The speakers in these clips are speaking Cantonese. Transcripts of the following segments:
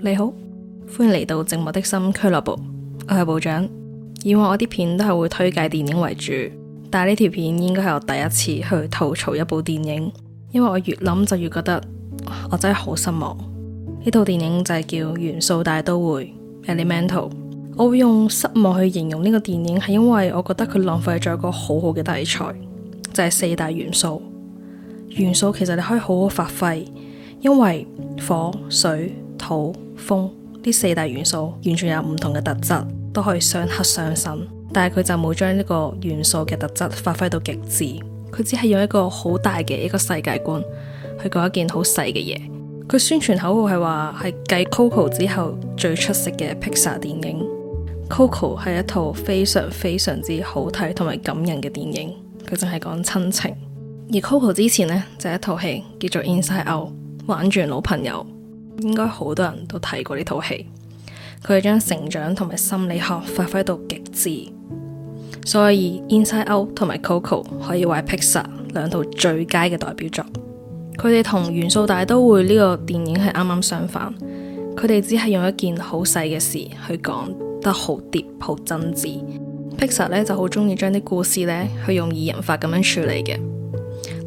你好，歡迎嚟到寂寞的心俱樂部。我係部長，以往我啲片都係會推介電影為主，但係呢條片應該係我第一次去吐槽一部電影，因為我越諗就越覺得我真係好失望。呢套電影就係叫元素大都會 Elemental， 我會用失望去形容呢個電影，係因為我覺得佢浪費咗一個好好嘅題材，就係四大元素，元素其實你可以好好發揮，因為火、水。土、風呢四大元素完全有唔同嘅特質，都可以相克相生，但係佢就冇將呢個元素嘅特質發揮到極致，佢只係用一個好大嘅一個世界觀去講一件好細嘅嘢。佢宣傳口號係話係繼 Coco 之後最出色嘅 Pixar 電影。Coco 係一套非常非常之好睇同埋感人嘅電影，佢淨係講親情。而 Coco 之前呢，就係一套戲叫做 Inside Out，玩轉腦朋友。應該好多人都睇過呢套戲，佢係將成長同埋心理學發揮到極致，所以 Inside Out 同埋 Coco 可以話 Pixar 兩套最佳嘅代表作。佢哋同元素大都會呢個電影係啱啱相反，佢哋只係用一件好細嘅事去講得好 deep、好真摯。Pixar 咧就好中意將啲故事咧去用擬人法咁樣處理嘅，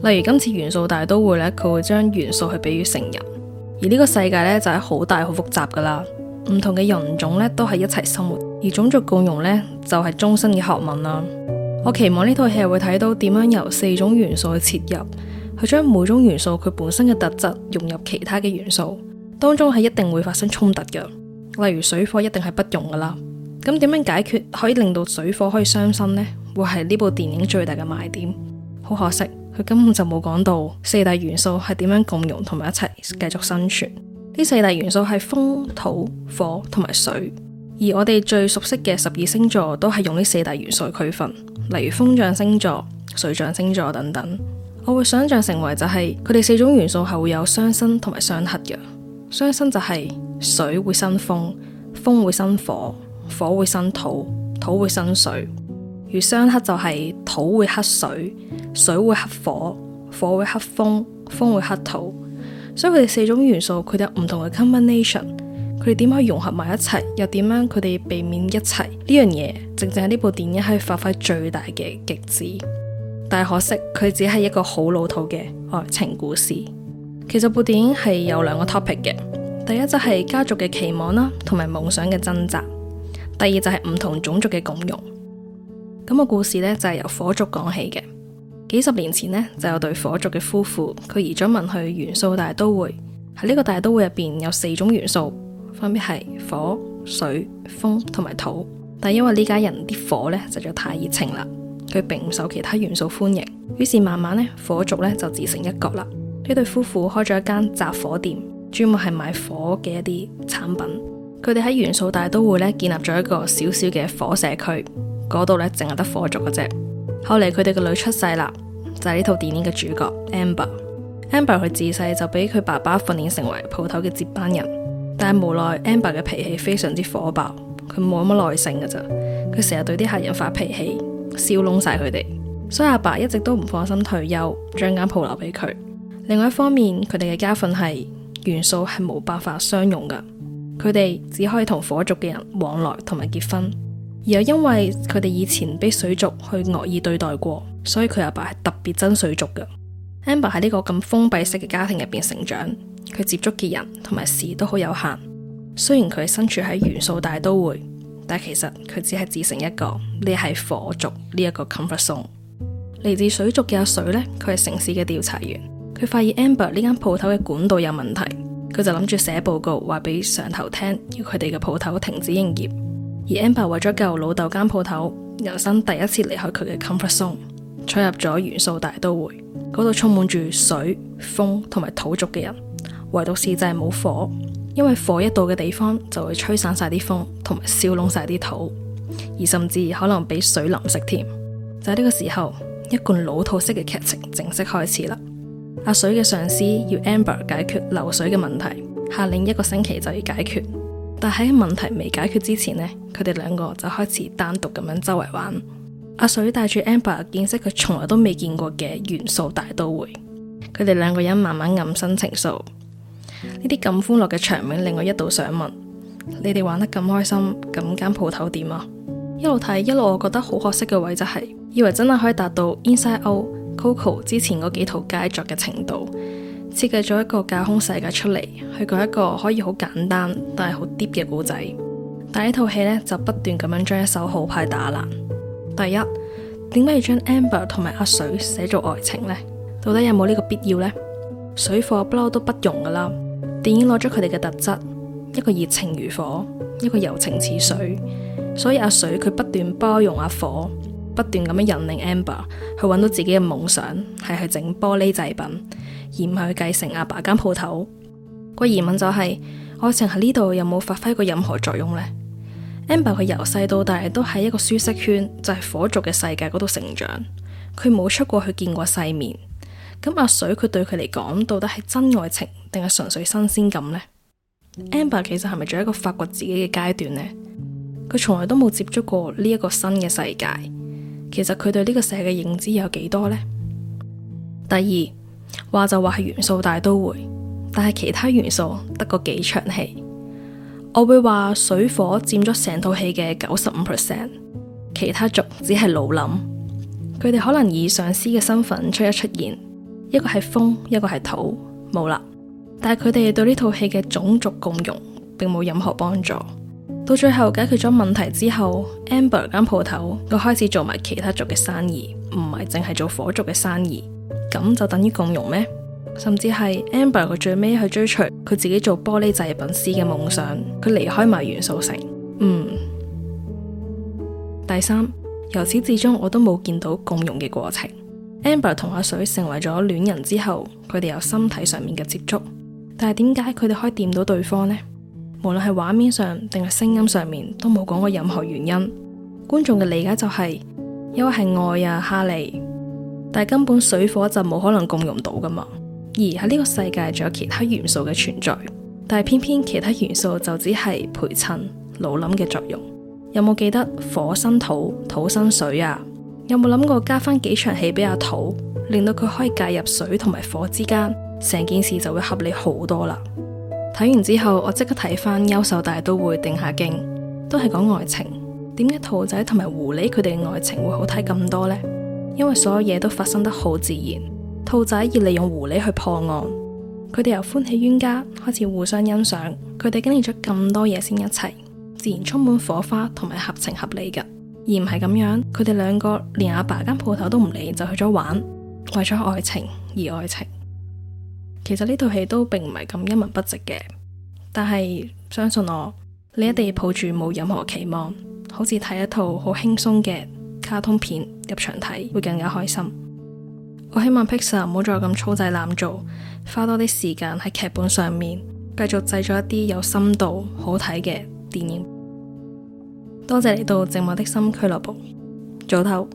例如今次元素大都會咧，佢會將元素去比喻成人。.而呢個世界咧就係好大好複雜噶啦，唔同嘅人種咧都係一齊生活，而種族共融呢，就係終身嘅學問啦。我期望呢套戲會睇到點樣由四種元素去切入，去將每種元素佢本身嘅特質融入其他嘅元素當中，係一定會發生衝突嘅。例如水火一定係不容噶啦，咁點樣解決可以令到水火可以相生呢？會係呢部電影最大嘅賣點。好可惜。佢根本就冇講到四大元素係點樣共融同埋一齊繼續生存。呢四大元素係風、土、火同埋水。而我哋最熟悉嘅十二星座都係用呢四大元素去區分，例如風象星座、水象星座等等。我會想象成為就係佢哋四種元素係會有相生同埋相剋嘅。相生就係水會生風，風會生火，火會生土，土會生水。如相克就係土會克水，水會克火，火會克風，風會克土，所以佢哋四種元素佢哋唔同嘅 combination，佢哋點可以融合埋一齊，又點樣佢哋避免一齊呢樣嘢？正正係呢部電影可以發揮最大嘅極致，但係可惜佢只係一個好老土嘅愛情故事。其實部電影係有兩個 topic 嘅，第一就係家族嘅期望啦，同埋夢想嘅掙扎；第二就係唔同種族嘅共融。咁個故事呢，就係由火族講起嘅。幾十年前呢，就有對火族嘅夫婦，佢移咗民去元素大都會。喺呢個大都會入邊，有四種元素，分別係火、水、風同埋土。但因為呢家人啲火呢，實在太熱情啦，佢並唔受其他元素歡迎。於是慢慢呢，火族呢就自成一角啦。呢對夫婦開咗一間雜火店，專門係賣火嘅一啲產品。佢哋喺元素大都會呢，建立咗一個小小嘅火社區。嗰度咧，淨係得火族嘅啫。後嚟佢哋個女出世啦，就係、是、呢套電影嘅主角 Amber。Amber 佢自細就俾佢爸爸訓練成為鋪頭嘅接班人，但係無奈 Amber 嘅脾氣非常之火爆，佢冇乜耐性嘅咋，佢成日對啲客人發脾氣，燒窿晒佢哋。所以阿爸、爸一直都唔放心退休，將間鋪留俾佢。另外一方面，佢哋嘅家訓係元素係冇辦法相融嘅，佢哋只可以同火族嘅人往來同埋結婚。而又因為佢哋以前俾水族去惡意對待過，所以佢阿爸係特別憎水族嘅。Amber 喺呢個咁封閉式嘅家庭入邊成長，佢接觸嘅人同埋事都好有限。雖然佢身處喺元素大都會，但其實佢只係自成一個，呢係火族呢一、這個 comfort zone。嚟自水族嘅阿水呢，佢係城市嘅調查員，佢發現 Amber 呢間鋪頭嘅管道有問題，佢就諗住寫報告話俾上頭聽，要佢哋嘅鋪頭停止營業。而 amber 為咗救老豆間鋪頭，人生第一次離開佢嘅 comfort zone，闖入咗元素大都會，嗰度充滿住水、風同埋土族嘅人，唯獨是就係冇火，因為火一到嘅地方就會吹散晒啲風，同埋燒燶晒啲土，而甚至可能俾水淋熄添。就喺呢個時候，一貫老土式嘅劇情正式開始啦。阿水嘅上司要 amber 解決漏水嘅問題，下令一個星期就要解決。但喺問題未解決之前呢佢哋兩個就開始單獨咁樣周圍玩。阿水帶住 Amber 見識佢從來都未見過嘅元素大都會，佢哋兩個人慢慢暗生情愫。呢啲咁歡樂嘅場面令我一度想問：你哋玩得咁開心，咁間鋪頭點啊？一路睇一路，我覺得好可惜嘅位就係以為真係可以達到 Inside Out、Coco 之前嗰幾套佳作嘅程度。設計咗一個架空世界出嚟，去講一個可以好簡單但係好 deep 嘅古仔。但呢套戲呢，就不斷咁樣將一手好牌打爛。第一，點解要將 Amber 同埋阿水寫做愛情呢？到底有冇呢個必要呢？「水火不嬲都不容噶啦。電影攞咗佢哋嘅特質，一個熱情如火，一個柔情似水，所以阿水佢不斷包容阿火，不斷咁樣引領 Amber 去揾到自己嘅夢想，係去整玻璃製品。而唔係去繼承阿爸間鋪頭。個疑問就係，愛情喺呢度有冇發揮過任何作用呢？Amber 佢由細到大都喺一個舒適圈，就係火族嘅世界嗰度成長，佢冇出過去見過世面。咁阿水佢對佢嚟講，到底係真愛情定係純粹新鮮感呢？Amber 其實係咪仲一個發掘自己嘅階段呢？佢從來都冇接觸過呢一個新嘅世界，其實佢對呢個世界嘅認知有幾多呢？第二。話就話係元素大都會，但係其他元素得個幾場戲。我會話水火佔咗成套戲嘅九十五 percent，其他族只係老臨。佢哋可能以上司嘅身份出一出現，一個係風，一個係土，冇啦。但係佢哋對呢套戲嘅種族共融並冇任何幫助。到最後解決咗問題之後，Amber 間鋪頭都開始做埋其他族嘅生意，唔係淨係做火族嘅生意。咁就等於共融咩？甚至係 Amber 佢最尾去追隨佢自己做玻璃製品師嘅夢想，佢離開埋元素城。嗯，第三，由始至終我都冇見到共融嘅過程。Amber 同阿水成為咗戀人之後，佢哋有身體上面嘅接觸，但係點解佢哋可以掂到對方呢？無論係畫面上定係聲音上面，都冇講過任何原因。觀眾嘅理解就係因為係愛啊，哈利。但根本水火就冇可能共融到㗎嘛，而喺呢個世界仲有其他元素嘅存在，但係偏偏其他元素就只係陪襯、老臨嘅作用。有冇記得火生土、土生水啊？有冇諗過加翻幾場戲俾阿土，令到佢可以介入水同埋火之間，成件事就會合理好多啦。睇完之後，我即刻睇翻《優獸大都會》，定下驚，都係講愛情。點解兔仔同埋狐狸佢哋嘅愛情會好睇咁多呢？因為所有嘢都發生得好自然，兔仔要利用狐狸去破案，佢哋由歡喜冤家開始互相欣賞，佢哋經歷咗咁多嘢先一齊，自然充滿火花同埋合情合理嘅。而唔係咁樣，佢哋兩個連阿爸間鋪頭都唔理，就去咗玩，為咗愛情而愛情。其實呢套戲都並唔係咁一文不值嘅，但係相信我，你一定要抱住冇任何期望，好似睇一套好輕鬆嘅。卡通片入場睇會更加開心。我希望 Pixar 唔好再咁粗製濫造，花多啲時間喺劇本上面，繼續製作一啲有深度、好睇嘅電影。多謝嚟到《寂寞的心》俱樂部，早唞。